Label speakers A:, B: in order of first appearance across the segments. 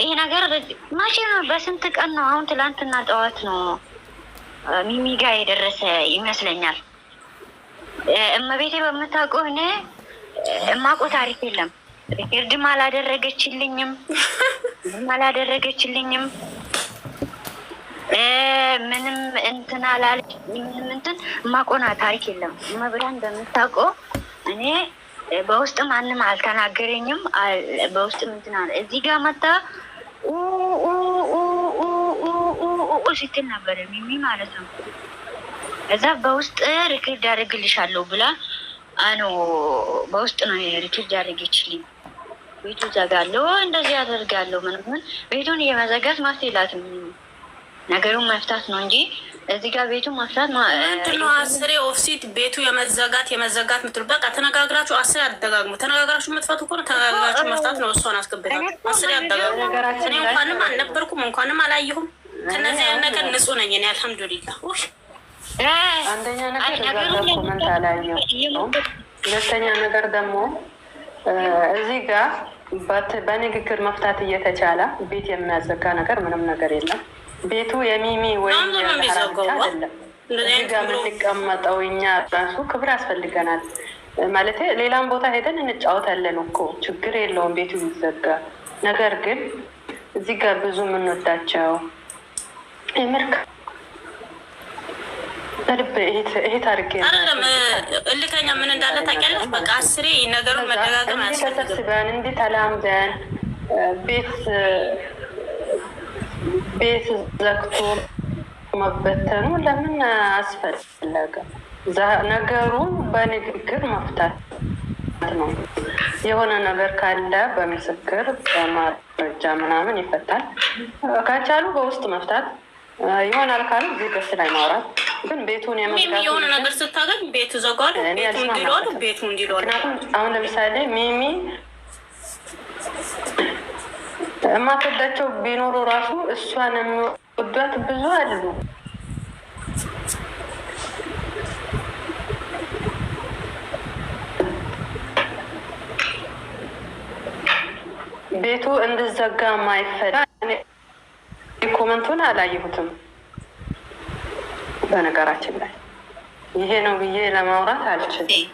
A: ይሄ ነገር መቼ ነው? በስንት ቀን ነው? አሁን ትላንትና ጠዋት ነው ሚሚ ጋ የደረሰ ይመስለኛል። እመቤቴ በምታውቀው እኔ እማቆ ታሪክ የለም። ሪከርድም አላደረገችልኝም አላደረገችልኝም ምንም እንትን አላለች። ምንም እንትን እማቆና ታሪክ የለም። መብሪያን በምታውቀው እኔ በውስጥ ማንም አልተናገረኝም። በውስጥ ምንትና እዚህ ጋር መታ ሲትል ነበር ሚሚ ማለት ነው። እዛ በውስጥ ሪከርድ አደርግልሻለሁ ብላ አኖ በውስጥ ነው ሪከርድ ያደረገችልኝ። ቤቱ ዘጋለሁ እንደዚህ ያደርጋለሁ ምንምን ቤቱን እየመዘጋት ማስቴላት ነገሩን መፍታት ነው እንጂ እዚህ ጋር ቤቱ ማፍታት ነው።
B: አስሬ ኦፍሲት ቤቱ የመዘጋት የመዘጋት ምትሉ በቃ ተነጋግራችሁ አስሬ አደጋግሙ። ተነጋግራችሁ መጥፋት ከሆነ ተነጋግራችሁ መፍታት ነው። እሷን አስገብታል።
A: አስሬ አደጋግሙ። እኔ እንኳንም አልነበርኩም እንኳንም አላየሁም። ከነዚህ አይነት ነገር ንጹሕ ነኝ እኔ አልሐምዱሊላህ።
C: ነገር ሁለተኛ ነገር ደግሞ እዚህ ጋር በንግግር መፍታት እየተቻለ ቤት የሚያዘጋ ነገር ምንም ነገር የለም። ቤቱ የሚሚ ወይም እዚህ ጋር እኛ ራሱ ክብር ያስፈልገናል። ማለት ሌላም ቦታ ሄደን እንጫወታለን እኮ ችግር የለውም ቤቱ ይዘጋ። ነገር ግን እዚህ ጋር ብዙ የምንወዳቸው ምርክ ልብ ይሄ ታርጌ
A: አይደለም። እልከኛ ምን እንዳለ ታውቂያለሽ? በቃ አስሬ ነገሩን
C: መደጋገም ያስፈልግም። እንዲህ ተላምደን ቤት ቤት ዘግቶ መበተኑ ለምን አስፈለገ? ነገሩን በንግግር መፍታት ነው። የሆነ ነገር ካለ በምስክር በማረጃ ምናምን ይፈታል። ከቻሉ በውስጥ መፍታት ይሆናል ካሉ ገስ ላይ ማውራት ግን ቤቱን የሆነ
A: ነገር ስታገኝ ቤት ዘጓል ቤቱ እንዲሏል ቤቱ እንዲሏል።
C: አሁን ለምሳሌ ሚሚ የማትወዳቸው ቢኖሩ ራሱ እሷን የሚወዷት ብዙ አሉ። ቤቱ እንድዘጋ ማይፈል ኮመንቱን አላየሁትም። በነገራችን ላይ ይሄ ነው ብዬ ለማውራት አልችልም።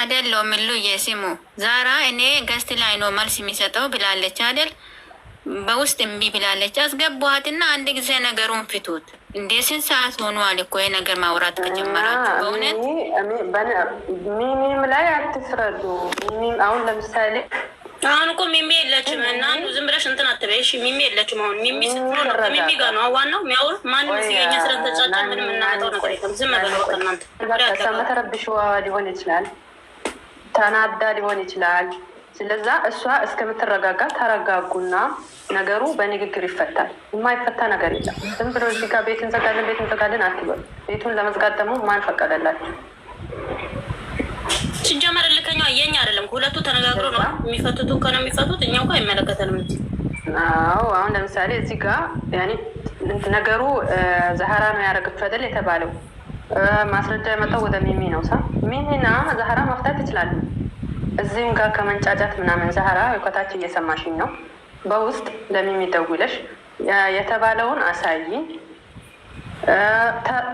A: አደል አይደለሁም ምሉ የሲሙ ዛራ እኔ ገስት ላይ ነው መልስ የሚሰጠው ብላለች አደል በውስጥ እምቢ ብላለች። አስገቧትና አንድ ጊዜ ነገሩን ፍቱት። እንዴ ስንት ሰዓት ሆኗል እኮ የነገር ማውራት ከጀመራችሁ። በእውነት
C: ሚሚም ላይ አትፍረዱ። ሚሚም አሁን ለምሳሌ
A: አሁን እኮ ሚሚ የለችም እና ዝም ብለሽ እንትን አትበይ እሺ። ሚሚ የለችም። አሁን ሚሚ ስትሆን ከሚሚ ጋር ነው ዋናው የሚያወሩ ማንም ሲገኛ ስለተጫጫ ምንም እናመጣው ነገር የለም። ዝም በል በቃ እናንተ
C: ከሰመተረብሽ ሊሆን ይችላል ተናዳ ሊሆን ይችላል። ስለዛ እሷ እስከምትረጋጋ ተረጋጉና ነገሩ በንግግር ይፈታል። የማይፈታ ነገር የለም። ዝም ብሎ እዚህ ጋር ቤት እንዘጋለን ቤት እንዘጋለን አትበሉ። ቤቱን ለመዝጋት ደግሞ ማን ፈቀደላቸው?
A: ሲጀመር እልከኛ የኛ አይደለም። ሁለቱ ተነጋግሮ ነው የሚፈቱት። ከነ የሚፈቱት እኛ እኳ አይመለከተንም።
C: አዎ አሁን ለምሳሌ እዚህ ጋር ነገሩ ዛህራ ነው ያደረገችው የተባለው ማስረጃ የመጣው ወደ ሚሚ ነው ሳ ሚሚና ዛህራ መፍታት ይችላሉ። እዚህም ጋር ከመንጫጫት ምናምን ዛህራ ከታች እየሰማሽኝ ነው። በውስጥ ለሚሚደውለሽ የተባለውን አሳይ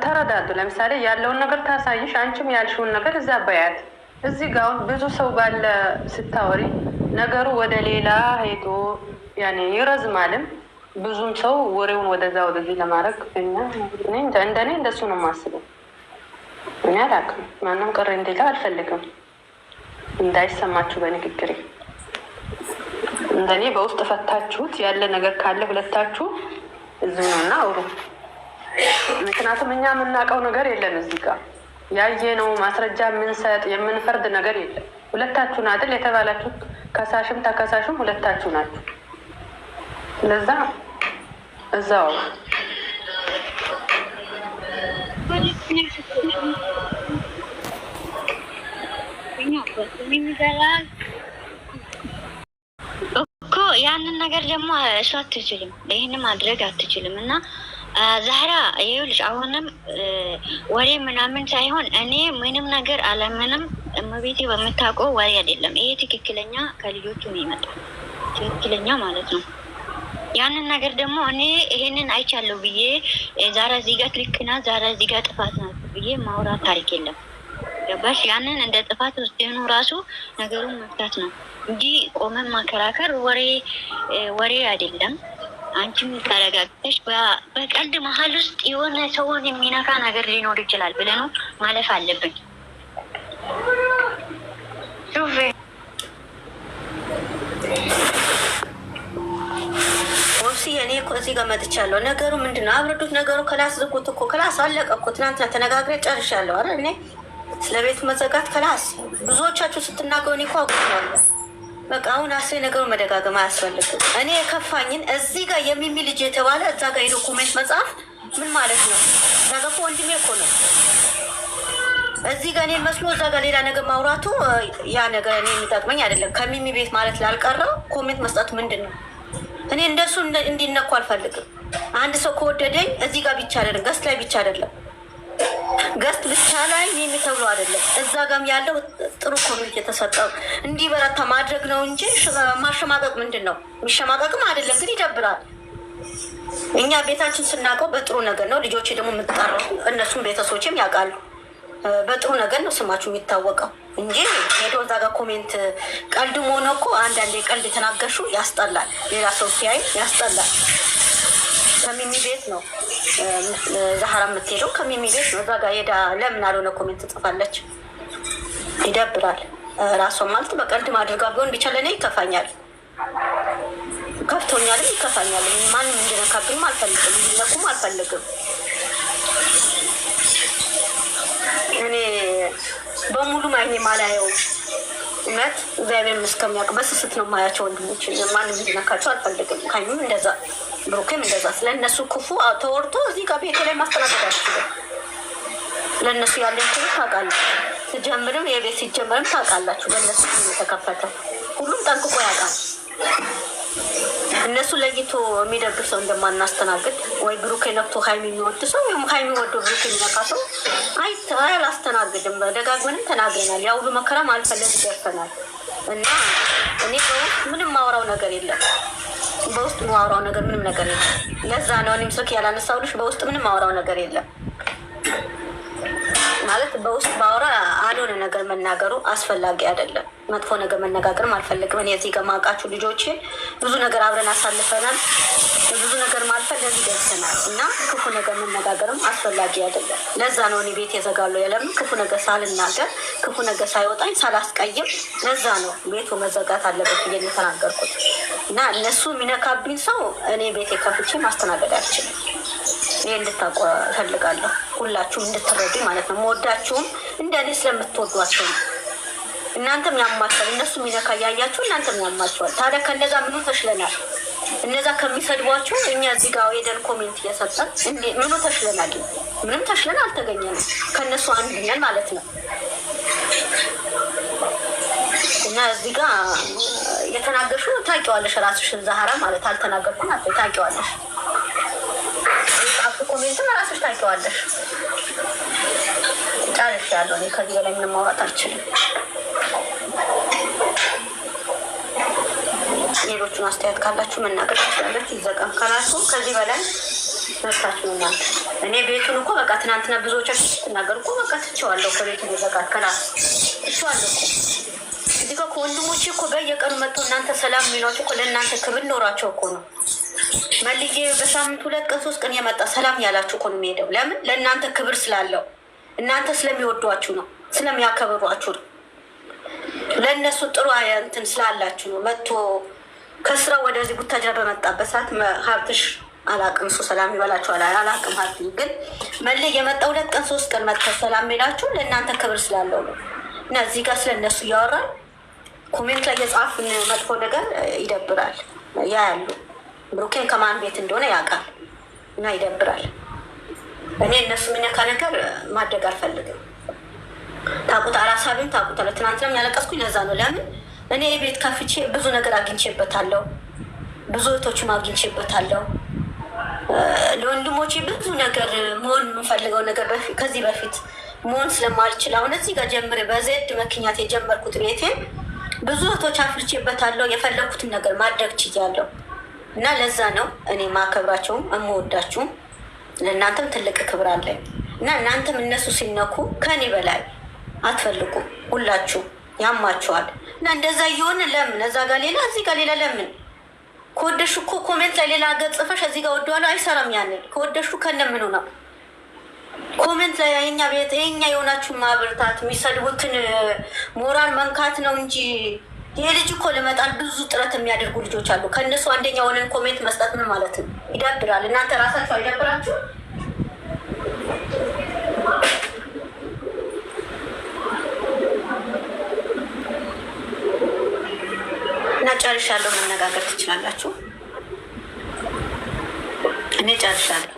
C: ተረዳዱ። ለምሳሌ ያለውን ነገር ታሳይሽ፣ አንቺም ያልሽውን ነገር እዛ በያት። እዚህ ጋ አሁን ብዙ ሰው ባለ ስታወሪ ነገሩ ወደ ሌላ ሄዶ ያኔ ይረዝማልም። ብዙም ሰው ወሬውን ወደዛ ወደዚህ ለማድረግ እኔ እንደኔ እንደሱ ነው የማስበው። እኔ አላውቅም፣ ማንም ቅር እንዲላ አልፈልግም። እንዳይሰማችሁ በንግግሬ እንደኔ በውስጥ ፈታችሁት ያለ ነገር ካለ ሁለታችሁ እዚህ ነው እና አውሩ። ምክንያቱም እኛ የምናውቀው ነገር የለም እዚህ ጋር ያየነው ማስረጃ የምንሰጥ የምንፈርድ ነገር የለም። ሁለታችሁ ናድል የተባላችሁት ከሳሽም ተከሳሽም ሁለታችሁ ናችሁ። ለዛ እዛው
A: እኮ ያንን ነገር ደግሞ እሱ አትችልም፣ ይህን ማድረግ አትችልም። እና ዛህራ ይኸውልሽ፣ አሁንም ወሬ ምናምን ሳይሆን እኔ ምንም ነገር አለምንም እመቤቴ በምታውቀው ወሬ አይደለም። ይሄ ትክክለኛ ከልጆቹ ነው ይመጣል፣ ትክክለኛ ማለት ነው። ያንን ነገር ደግሞ እኔ ይሄንን አይቻለሁ ብዬ ዛራ እዚህ ጋ ዛራ እዚህ ጥፋት ናት ብዬ ማውራት ታሪክ የለም። ገባሽ? ያንን እንደ ጥፋት ውስጥ የሆኑ ራሱ ነገሩን መፍታት ነው እንጂ ቆመን ማከራከር ወሬ ወሬ አይደለም። አንቺም ተረጋግተሽ በቀልድ መሀል ውስጥ የሆነ ሰውን የሚነካ ነገር ሊኖር ይችላል ብለህ ነው ማለፍ አለብን። እኔ እኮ እዚህ ጋር መጥቻለሁ። ነገሩ ምንድን ነው? አብረዱት ነገሩ። ከላስ ዝጉት እኮ ከላስ አለቀ እኮ። ትናንትና ተነጋግረ ጨርሻለሁ። አረ እኔ ስለ ቤት መዘጋት ከላስ ብዙዎቻችሁ ስትናገሩ እኔ እኮ አውቅቻለሁ። በቃ አሁን አስ ነገሩ መደጋገም አያስፈልግም። እኔ የከፋኝን እዚህ ጋር የሚሚ ልጅ የተባለ እዛ ጋር የዶኩሜንት መጽሐፍ ምን ማለት ነው? እዛ እኮ ወንድሜ እኮ ነው። እዚህ ጋር እኔ መስሎ እዛ ጋር ሌላ ነገር ማውራቱ ያ ነገር እኔ የሚጠቅመኝ አይደለም። ከሚሚ ቤት ማለት ላልቀረው ኮሜንት መስጠት ምንድን ነው? እኔ እንደሱ እንዲነኩ አልፈልግም። አንድ ሰው ከወደደኝ እዚህ ጋር ብቻ አይደለም፣ ገስት ላይ ብቻ አይደለም ገስት ብቻ ላይ ይህን ተብሎ አይደለም። እዛ ጋም ያለው ጥሩ ኮሚኒቲ የተሰጠው እንዲበረታ ማድረግ ነው እንጂ ማሸማቀቅ ምንድን ነው? የሚሸማቀቅም አይደለም፣ ግን ይደብራል። እኛ ቤታችን ስናውቀው በጥሩ ነገር ነው። ልጆቼ ደግሞ የምትጠራው እነሱም ቤተሰቦችም ያውቃሉ። በጥሩ ነገር ነው ስማችሁ የሚታወቀው እንጂ ሄዶ እዛ ጋር ኮሜንት ቀልድ መሆነ እኮ አንዳንዴ ቀልድ የተናገርሽው ያስጠላል፣ ሌላ ሰው ሲያይ ያስጠላል። ከሚሚ ቤት ነው ዛህራ የምትሄደው፣ ከሚሚ ቤት ነው። እዛ ጋር ሄዳ ለምን አልሆነ ኮሜንት ትጽፋለች። ይደብራል። ራሷን ማለት በቀልድም አድርጋ ቢሆን ቢቻለን ይከፋኛል፣ ከፍቶኛልም ይከፋኛል። ማንም እንዲነካብኝም አልፈልግም፣ እንድነኩም አልፈልግም። እኔ በሙሉ አይኔ ማላየው እውነት እግዚአብሔር እስከሚያውቅ በስስት ነው ማያቸው ወንድሞች ማንም እንዲነካቸው አልፈልግም። ካኙም እንደዛ ብሩክም እንደዛ ስለእነሱ ክፉ ተወርቶ እዚህ ጋር ቤት ላይ ማስተናገድ አልችልም። ለእነሱ ያለን ክሩ ታውቃላችሁ። ስጀምርም የቤት ሲጀመርም ታውቃላችሁ። በእነሱ የተከፈተ ሁሉም ጠንቅቆ ያውቃል። እነሱ ለይቶ የሚደርግ ሰው እንደማናስተናግድ ወይ ብሩክ ነክቶ ሀይሚ የሚወድ ሰው ወይም ሀይሚ ወዶ ብሩክ የሚነካ ሰው አላስተናግድም። ደጋግመንም ተናግረናል። የአውሉ መከራም አልፈለግ ይደፈናል እና እኔ በውስጥ ምንም ማውራው ነገር የለም። በውስጥ ማውራው ነገር ምንም ነገር የለም። ለዛ ነው እኔም ስልክ ያላነሳሁልሽ። በውስጥ ምንም ማውራው ነገር የለም ማለት በውስጥ ባወራ ነገር መናገሩ አስፈላጊ አይደለም። መጥፎ ነገር መነጋገርም አልፈልግም። እኔ እዚህ ጋር ማውቃችሁ ብዙ ነገር አብረን አሳልፈናል። ብዙ ነገር ማልፈል ለዚህ ደርሰናል እና ክፉ ነገር መነጋገርም አስፈላጊ አይደለም። ለዛ ነው እኔ ቤት የዘጋሉ የለም ክፉ ነገር ሳልናገር ክፉ ነገር ሳይወጣኝ ሳላስቀይም፣ ለዛ ነው ቤቱ መዘጋት አለበት ብዬ የተናገርኩት እና እነሱ የሚነካብኝ ሰው እኔ ቤቴ ከፍቼ ማስተናገድ አልችልም። ይህ እንድታውቁ እፈልጋለሁ። ሁላችሁም እንድትረዱ ማለት ነው። መወዳችሁም እንደ እኔ ስለምትወዷቸው ነው። እናንተም ያማቸዋል፣ እነሱ ሚነካ እያያችሁ እናንተም ያማቸዋል። ታዲያ ከእነዛ ምኑ ተሽለናል? እነዛ ከሚሰድቧቸው እኛ እዚህ ጋር ሄደን ኮሜንት እየሰጠን ምኑ ተሽለናል? ምንም ተሽለን አልተገኘንም። ከእነሱ አንድ ነን ማለት ነው። እና እዚህ ጋር የተናገርሽው ታውቂዋለሽ፣ ራስሽን ዛህራ ማለት አልተናገርኩም፣ ታውቂዋለሽ ታውቂዋለሽ። ጨርሻለሁ። እኔ ከዚህ በላይ ምንም ማውራት አልችልም። ሌሎቹን አስተያየት ካላችሁ መናገር ትችላለች። ይዘቀም ከዚህ በላይ መብታችሁ ነው። እኔ ቤቱን እኮ በቃ ትናንትና ብዙዎቻችሁ ስትናገር እኮ በቃ ከቤቱ ይዘቃል እኮ እዚህ ጋር ከወንድሞቼ እኮ በየቀኑ መጥቶ እናንተ ሰላም የሚሏቸው እኮ ለእናንተ ክብር ኖሯቸው እኮ ነው መልዬ በሳምንት ሁለት ቀን ሶስት ቀን የመጣ ሰላም ያላችሁ እኮ ነው የሚሄደው። ለምን ለእናንተ ክብር ስላለው እናንተ ስለሚወዷችሁ ነው፣ ስለሚያከብሯችሁ ነው። ለእነሱ ጥሩ እንትን ስላላችሁ ነው። መጥቶ ከስራ ወደዚህ ቡታጅራ በመጣበት ሰዓት ሀብትሽ አላቅም እሱ ሰላም ይበላችኋል። አላቅም ሀብት ግን መለ የመጣ ሁለት ቀን ሶስት ቀን መጥተ ሰላም ሄዳችሁ ለእናንተ ክብር ስላለው ነው እና እዚህ ጋር ስለእነሱ እያወራል ኮሜንት ላይ የጻፍን መጥፎ ነገር ይደብራል። ያ ያሉ ብሩኬ ከማን ቤት እንደሆነ ያውቃል እና ይደብራል። እኔ እነሱ ምነካ ነገር ማድረግ አልፈልግም። ታቁት አላሳብን ታቁት አለ። ትናንትናም ያለቀስኩኝ ለዛ ነው። ለምን እኔ የቤት ከፍቼ ብዙ ነገር አግኝቼበታለሁ፣ ብዙ እህቶችም አግኝቼበታለሁ። ለወንድሞቼ ብዙ ነገር መሆን የምፈልገው ነገር ከዚህ በፊት መሆን ስለማልችል አሁን እዚህ ጋር ጀምሬ በዜድ ምክንያት የጀመርኩት ቤቴን ብዙ እህቶች አፍልቼበታለሁ። የፈለግኩትን ነገር ማድረግ ችያለሁ። እና ለዛ ነው እኔ ማከብራቸውም እምወዳችሁም ለእናንተም ትልቅ ክብር አለኝ እና እናንተም እነሱ ሲነኩ ከኔ በላይ አትፈልጉም። ሁላችሁ ያማችኋል። እና እንደዛ እየሆነ ለምን እዛ ጋር ሌላ እዚህ ጋር ሌላ ለምን ከወደሹ እኮ ኮሜንት ላይ ሌላ ገጽ ጽፈሽ እዚህ ጋር ወደኋላ አይሰራም። ያንን ከወደሹ ከነምኑ ነው ኮሜንት ላይ የኛ ቤት የኛ የሆናችሁ ማብርታት የሚሰድቡትን ሞራል መንካት ነው እንጂ የልጅ እኮ ለመጣል ብዙ ጥረት የሚያደርጉ ልጆች አሉ። ከእነሱ አንደኛ ሆነን ኮሜንት መስጠት ምን ማለት ነው? ይደብራል። እናንተ ራሳችሁ አይደብራችሁ? እና ጨርሻለሁ። መነጋገር ትችላላችሁ። እኔ ጨርሻለሁ።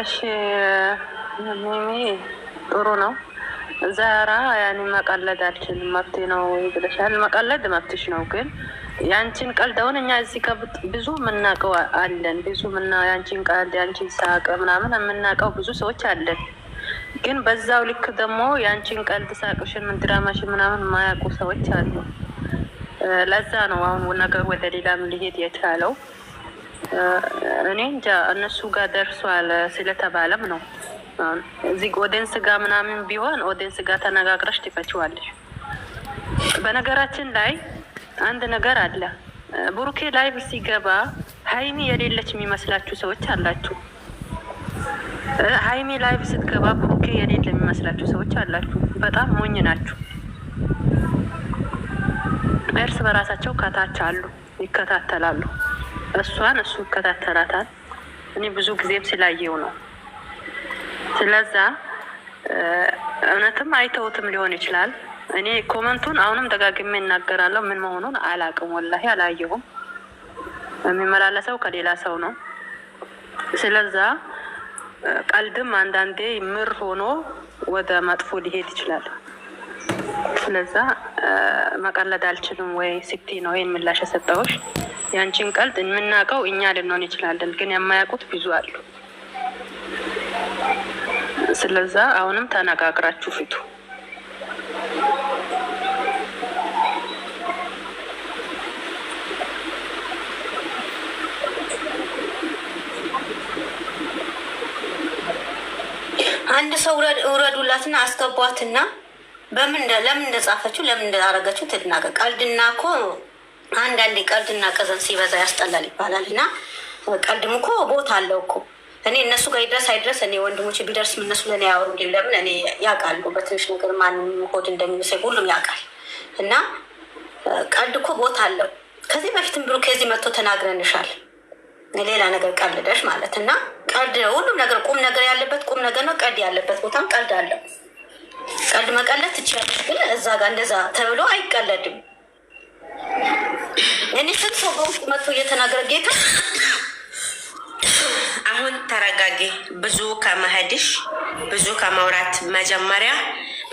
C: እሺ ጥሩ ነው። ዛራ ያን መቀለድ አልችልም። መብት ነው ብለሻል። መቀለድ መብትሽ ነው። ግን ያንቺን ቀልደውን እኛ እዚህ ጋር ብዙ የምናውቀው አለን። ብዙ ያንቺን ቀልድ፣ ያንቺን ሳቅ ምናምን የምናውቀው ብዙ ሰዎች አለን። ግን በዛው ልክ ደግሞ ያንቺን ቀልድ ሳቅሽን፣ ምን ድራማሽን ምናምን የማያውቁ ሰዎች አሉ። ለዛ ነው አሁን ነገር ወደ ሌላም ሊሄድ የቻለው። እኔ እንጃ እነሱ ጋር ደርሷል ስለተባለም ነው እዚህ ኦዲየንስ ጋር ምናምን ቢሆን ኦዲየንስ ጋር ተነጋግረሽ ትፈችዋለሽ። በነገራችን ላይ አንድ ነገር አለ። ብሩኬ ላይቭ ሲገባ ሀይሚ የሌለች የሚመስላችሁ ሰዎች አላችሁ። ሀይሚ ላይቭ ስትገባ ብሩኬ የሌለ የሚመስላችሁ ሰዎች አላችሁ። በጣም ሞኝ ናችሁ። እርስ በራሳቸው ከታች አሉ፣ ይከታተላሉ። እሷን እሱ ይከታተላታል። እኔ ብዙ ጊዜም ስላየው ነው። ስለዛ እውነትም አይተውትም ሊሆን ይችላል። እኔ ኮመንቱን አሁንም ደጋግሜ እናገራለሁ። ምን መሆኑን አላቅም፣ ወላሂ አላየሁም። የሚመላለሰው ከሌላ ሰው ነው። ስለዛ ቀልድም አንዳንዴ ምር ሆኖ ወደ መጥፎ ሊሄድ ይችላል። ስለዛ መቀለድ አልችልም ወይ ሲቲ ነው ይህን ምላሽ የሰጠዎች። ያንቺን ቀልድ የምናውቀው እኛ ልንሆን ይችላለን፣ ግን የማያውቁት ብዙ አሉ። ስለዛ አሁንም ተነጋግራችሁ ፊቱ
A: አንድ ሰው ውረዱላትና አስገቧትና በምን ለምን እንደጻፈችው ለምን እንዳረገችው ትድናገር። ቀልድና እኮ አንዳንዴ ቀልድና ቀዘን ሲበዛ ያስጠላል ይባላል እና ቀልድም እኮ ቦታ አለው እኮ እኔ እነሱ ጋር ይድረስ አይድረስ እኔ ወንድሞች ቢደርስ እነሱ ለእኔ ያወሩ ለምን እኔ ያውቃሉ፣ በትንሽ ነገር ማንም ሆድ እንደሚመስል ሁሉም ያውቃል። እና ቀልድ እኮ ቦታ አለው። ከዚህ በፊትም ብሎ ከዚህ መጥቶ ተናግረንሻል። ሌላ ነገር ቀልደሽ ማለት እና ቀልድ ሁሉም ነገር ቁም ነገር ያለበት ቁም ነገር ነው። ቀልድ ያለበት ቦታም ቀልድ አለው። ቀልድ መቀለድ ትችላለች፣ ግን እዛ ጋር እንደዛ ተብሎ አይቀለድም። እኔ ስንት ሰው በውስጥ መጥቶ እየተናገረ ጌታ
B: አሁን ተረጋጊ። ብዙ ከመሄድሽ ብዙ ከማውራት መጀመሪያ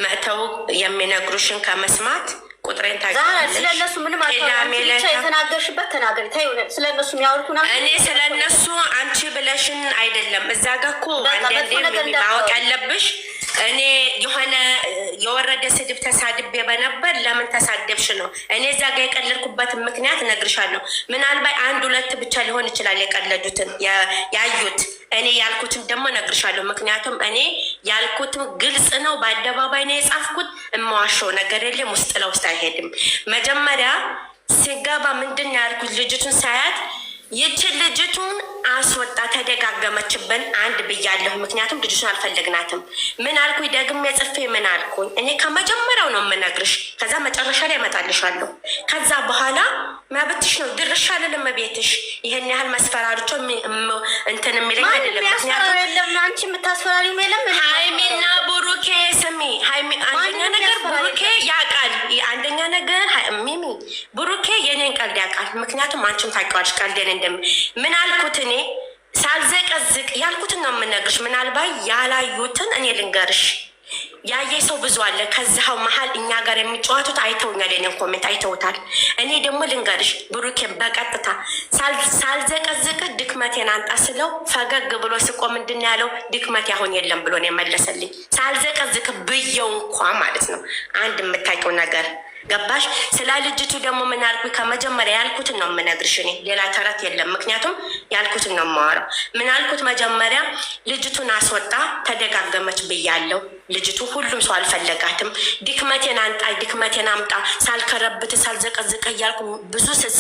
B: መጥተው የሚነግሩሽን ከመስማት ቁጥሬን
A: ስለነሱ ምንም ተናገሪ። ስለነሱ የሚያወሩት
B: እኔ ስለነሱ አንቺ ብለሽን አይደለም። እዛ ጋ እኮ አንዳንዴ ማወቅ ያለብሽ እኔ የሆነ የወረደ ስድብ ተሳድቤ በነበር ለምን ተሳደብሽ ነው። እኔ እዛ ጋ የቀለድኩበትን ምክንያት እነግርሻለሁ። ምናልባት አንድ ሁለት ብቻ ሊሆን ይችላል የቀለዱትን ያዩት። እኔ ያልኩትም ደግሞ እነግርሻለሁ። ምክንያቱም እኔ ያልኩትም ግልጽ ነው፣ በአደባባይ ነው የጻፍኩት። እማዋሸው ነገር የለም። ውስጥ ለውስጥ አይሄድም። መጀመሪያ ሲገባ ምንድን ያልኩት ልጅቱን ሳያት ይችን ልጅቱን አስወጣ ተደጋገመችብን። አንድ ብያለሁ፣ ምክንያቱም ልጅሽን አልፈለግናትም። ምን አልኩኝ ደግሜ ጽፌ ምን አልኩኝ? እኔ ከመጀመሪያው ነው የምነግርሽ፣ ከዛ መጨረሻ ላይ እመጣልሻለሁ። ከዛ በኋላ መብትሽ ነው፣ ድርሻ አልልም ቤትሽ። ይህን ያህል መስፈራርቾ እንትን የሚለኝ
A: አይደለም። ምክንያቱም አንቺ የምታስፈራሪ የለም።
B: ሀይሚና ቡሩኬ ስሚ፣ ሀይሚ አንደኛ ነገር ቡሩኬ ያቀ ነገር ሚሚ ብሩኬ የኔን ቀልድ ያውቃል። ምክንያቱም አንቺም ታውቂዋለሽ ቀልዴን እንደም ምን አልኩት እኔ ሳልዘቀዝቅ ያልኩትን ነው የምነግርሽ። ምናልባት ያላዩትን እኔ ልንገርሽ። ያየ ሰው ብዙ አለ። ከዛው መሀል እኛ ጋር የሚጫወቱት አይተውኛል፣ የኔን ኮሜንት አይተውታል። እኔ ደግሞ ልንገርሽ ብሩኬን በቀጥታ ሳልዘቀዝቅ ድክመቴን አንጣ ስለው ፈገግ ብሎ ስቆ ምንድን ያለው ድክመቴ አሁን የለም ብሎ ነው የመለሰልኝ። ሳልዘቀዝቅ ብየው እንኳ ማለት ነው አንድ የምታውቂው ነገር ገባሽ? ስለ ልጅቱ ደግሞ ምን አልኩ? ከመጀመሪያ ያልኩትን ነው የምነግርሽ። እኔ ሌላ ተረት የለም፣ ምክንያቱም ያልኩትን ነው የማወራው። ምን አልኩት? መጀመሪያ ልጅቱን አስወጣ ተደጋገመች ብያለው። ልጅቱ ሁሉም ሰው አልፈለጋትም። ድክመቴን አንጣ፣ ድክመቴን አምጣ፣ ሳልከረብት ሳልዘቀዝቀ እያልኩ ብዙ